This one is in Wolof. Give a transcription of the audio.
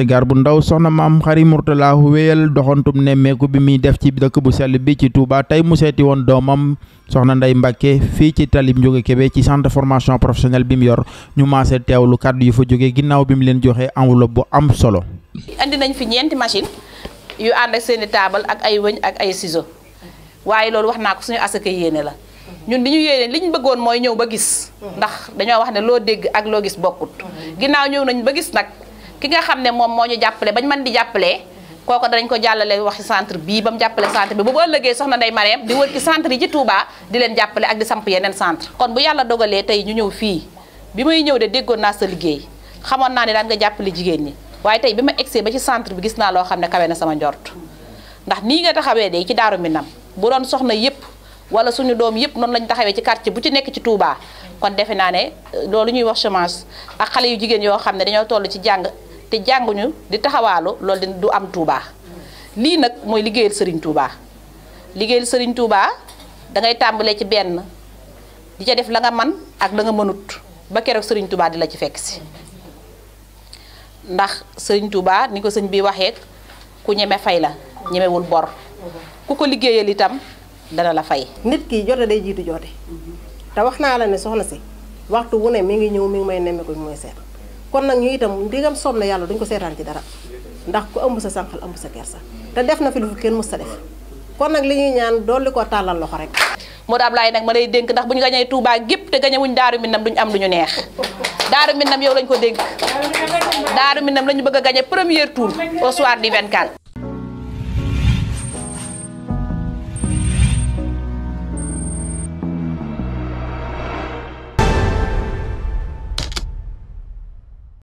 te gar bu ndaw soxna mam xari murtala wéyal doxantum nemeku bi mi def ci dekk bu sel bi ci Touba tay mu seeti woon doomam soxna Ndeye Mbacke fii ci talib joge kebe ci centre formation professionnelle bi mi yor ñu maase tewlu kaddu yu fa joge ginnaw bi mi len joxe enveloppe bu am solo. andi nañ fi ñenti machine yu and ak seen table ak ay wëñ ak ay ciseaux waye loolu waxna ko suñu asaka yene la. ñun li ñu yéene li bëggoon mooy ñëw ba gis. ndax dañoo wax ne loo dégg ak loo gis bokkut. ginnaaw ñëw nañ ba gis nag. ki nga xam ne moom moo ñu jàppale bañ man di jàppalee kooko danañ ko jàllale wax ci centre bii ba mu jàppale centre bi bu ba ëllëgee soxna Ndeye Mariam di wër ci centre yi ci Touba di leen jàppale ak di samp yeneen centre kon bu yàlla dogalee tey ñu ñëw fii bi may ñëw de déggoon naa sa liggéey xamoon naa ne daan nga jàppale jigéen ñi waaye tey bi ma egsee ba ci centre bi gis naa loo xam ne kawe na sama njort ndax nii nga taxawee de ci Daaru Minam bu doon soxna yëpp wala suñu doom yëpp noonu lañ taxawee ci quartier bu ci nekk ci Touba kon defe naa ne loolu ñuy wax chômage ak xale yu jigéen yoo xam ne dañoo toll ci jàng te jànguñu di taxawaalu loolu du am Touba lii nag mooy liggéeyal Serigne Touba liggéeyal Serigne Touba da ngay tàmbalee ci benn di ca def la nga man ak la nga mënut ba keroog sëriñ Touba di la ci fekk si ndax Serigne Touba ni ko sëñ bi waxee ku ñeme fay la ñemewul bor ku ko liggéeyal itam dana la fay. nit kii jot lay jiitu joote te wax naa la ne soxla si waxtu wu ne mi ngi ñëw mi ngi may nemmeeku mooy ngi seet. kon nag ñu itam ndigam soob na yàlla duñ ko seetaan ci dara ndax ku ëmb sa sànqal ëmb sa kersa te def na fi lu kenn mës sa def kon nag li ñuy ñaan dolli ko tàllal loxo rek. Modou Ablaye nag ma lay dénk ndax bu ñu gañee Touba gépp te gañewuñ Daaru Minam ñu am lu ñu neex Daaru Minam yow lañ ko dénk Daaru Minam la ñu bëgg a gañe premier tour au soir du 24.